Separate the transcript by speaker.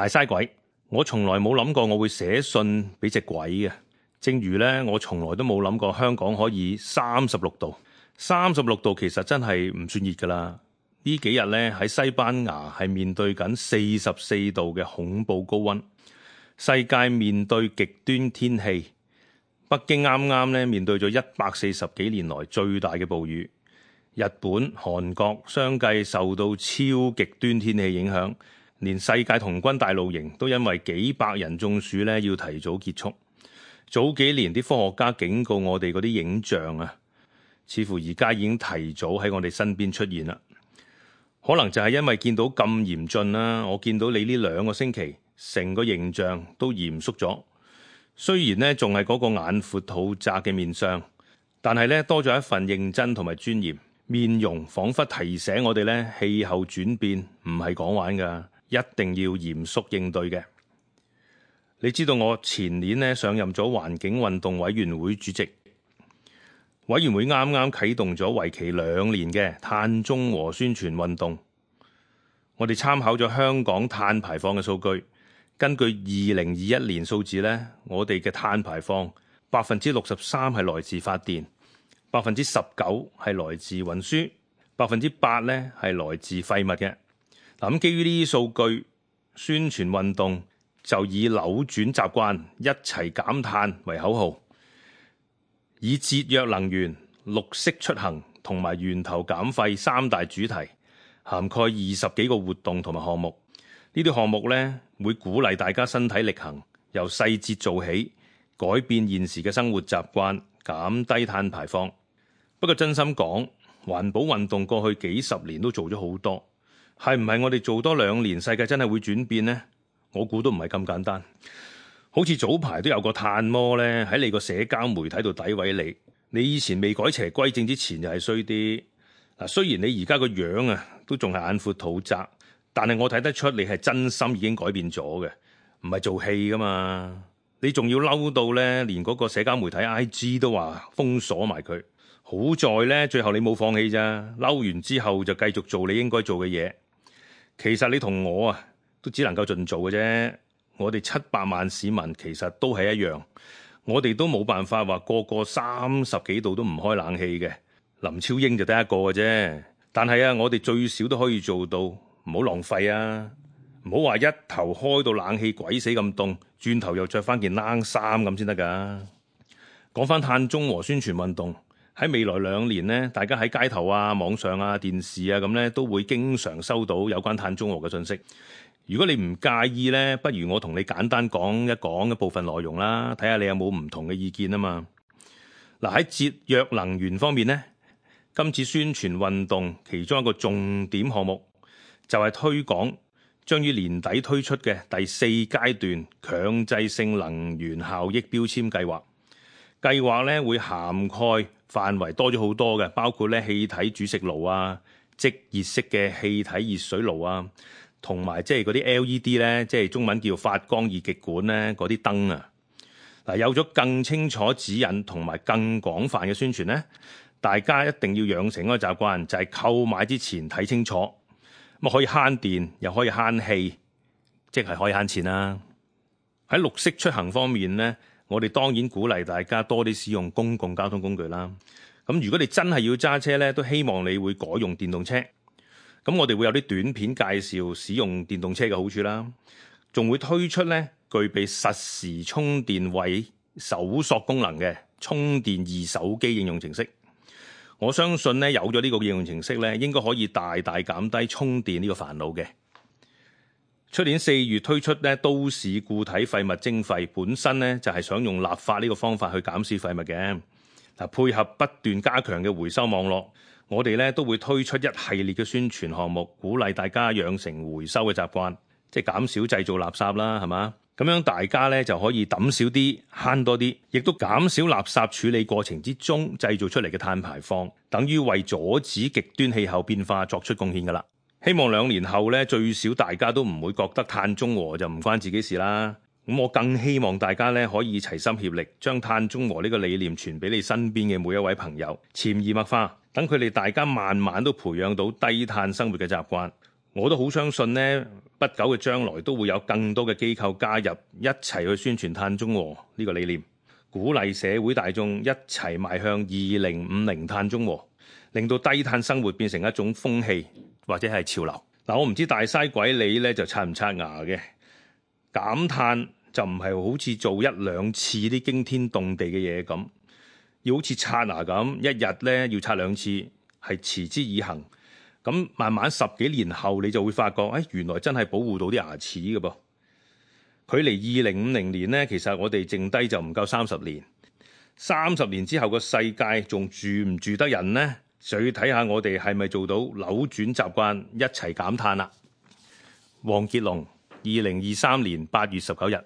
Speaker 1: 大嘥鬼！我從來冇諗過我會寫信俾隻鬼嘅。正如咧，我從來都冇諗過香港可以三十六度。三十六度其實真係唔算熱㗎啦。呢幾日咧喺西班牙係面對緊四十四度嘅恐怖高溫。世界面對極端天氣，北京啱啱咧面對咗一百四十幾年來最大嘅暴雨。日本、韓國相繼受到超極端天氣影響。連世界童軍大露營都因為幾百人中暑咧，要提早結束。早幾年啲科學家警告我哋嗰啲影像啊，似乎而家已經提早喺我哋身邊出現啦。可能就係因為見到咁嚴峻啦，我見到你呢兩個星期成個形象都嚴肅咗。雖然呢仲係嗰個眼闊肚窄嘅面相，但係呢多咗一份認真同埋尊嚴。面容仿佛提醒我哋呢氣候轉變唔係講玩噶。一定要嚴肅應對嘅。你知道我前年呢上任咗環境運動委員會主席，委員會啱啱啟動咗為期兩年嘅碳中和宣傳運動。我哋參考咗香港碳排放嘅數據，根據二零二一年數字呢，我哋嘅碳排放百分之六十三係來自發電，百分之十九係來自運輸，百分之八咧係來自廢物嘅。咁，基於呢啲數據，宣傳運動就以扭轉習慣、一齊減碳為口號，以節約能源、綠色出行同埋源頭減廢三大主題，涵蓋二十幾個活動同埋項目。呢啲項目咧，會鼓勵大家身體力行，由細節做起，改變現時嘅生活習慣，減低碳排放。不過，真心講，環保運動過去幾十年都做咗好多。係唔係我哋做多兩年，世界真係會轉變呢？我估都唔係咁簡單。好似早排都有個探魔呢，喺你個社交媒體度詆毀你。你以前未改邪歸正之前就係衰啲。嗱，雖然你而家個樣啊都仲係眼闊肚窄，但係我睇得出你係真心已經改變咗嘅，唔係做戲㗎嘛。你仲要嬲到呢，連嗰個社交媒體 IG 都話封鎖埋佢。好在呢，最後你冇放棄咋，嬲完之後就繼續做你應該做嘅嘢。其實你同我啊，都只能夠盡做嘅啫。我哋七百萬市民其實都係一樣，我哋都冇辦法話個個三十幾度都唔開冷氣嘅。林超英就得一個嘅啫。但係啊，我哋最少都可以做到唔好浪費啊，唔好話一頭開到冷氣鬼死咁凍，轉頭又着翻件冷衫咁先得㗎。講翻碳中和宣傳運動。喺未來兩年咧，大家喺街頭啊、網上啊、電視啊咁咧，都會經常收到有關碳中和嘅信息。如果你唔介意咧，不如我同你簡單講一講一一部分內容啦，睇下你有冇唔同嘅意見啊嘛。嗱，喺節約能源方面咧，今次宣傳運動其中一個重點項目就係推廣將於年底推出嘅第四階段強制性能源效益標籤計劃。計劃咧會涵蓋範圍多咗好多嘅，包括咧氣體煮食爐啊、即熱式嘅氣體熱水爐啊，同埋即係嗰啲 LED 咧，即係中文叫發光二極管咧嗰啲燈啊。嗱，有咗更清楚指引同埋更廣泛嘅宣傳咧，大家一定要養成嗰個習慣，就係購買之前睇清楚，咁可以慳電又可以慳氣，即係可以慳錢啦。喺綠色出行方面咧。我哋當然鼓勵大家多啲使用公共交通工具啦。咁如果你真係要揸車咧，都希望你會改用電動車。咁我哋會有啲短片介紹使用電動車嘅好處啦，仲會推出咧具備實時充電位搜索功能嘅充電二手機應用程式。我相信咧有咗呢個應用程式咧，應該可以大大減低充電呢個煩惱嘅。出年四月推出咧都市固體廢物徵費，本身咧就係想用立法呢個方法去減少廢物嘅。嗱，配合不斷加強嘅回收網絡，我哋咧都會推出一系列嘅宣傳項目，鼓勵大家養成回收嘅習慣，即係減少製造垃圾啦，係嘛？咁樣大家咧就可以抌少啲，慳多啲，亦都減少垃圾處理過程之中製造出嚟嘅碳排放，等於為阻止極端氣候變化作出貢獻噶啦。希望兩年後咧，最少大家都唔會覺得碳中和就唔關自己事啦。咁我更希望大家咧可以齊心協力，將碳中和呢個理念傳俾你身邊嘅每一位朋友，潛移默化，等佢哋大家慢慢都培養到低碳生活嘅習慣。我都好相信咧，不久嘅將來都會有更多嘅機構加入，一齊去宣傳碳中和呢個理念，鼓勵社會大眾一齊邁向二零五零碳中和，令到低碳生活變成一種風氣。或者係潮流嗱，我唔知大西鬼你咧就刷唔刷牙嘅？減碳就唔係好似做一兩次啲驚天動地嘅嘢咁，要好似刷牙咁，一日咧要刷兩次，係持之以恒。咁慢慢十幾年後，你就會發覺，哎，原來真係保護到啲牙齒嘅噃。距離二零五零年咧，其實我哋剩低就唔夠三十年。三十年之後個世界，仲住唔住得人咧？就要睇下我哋係咪做到扭轉習慣一齊減碳啦！黃傑龍，二零二三年八月十九日。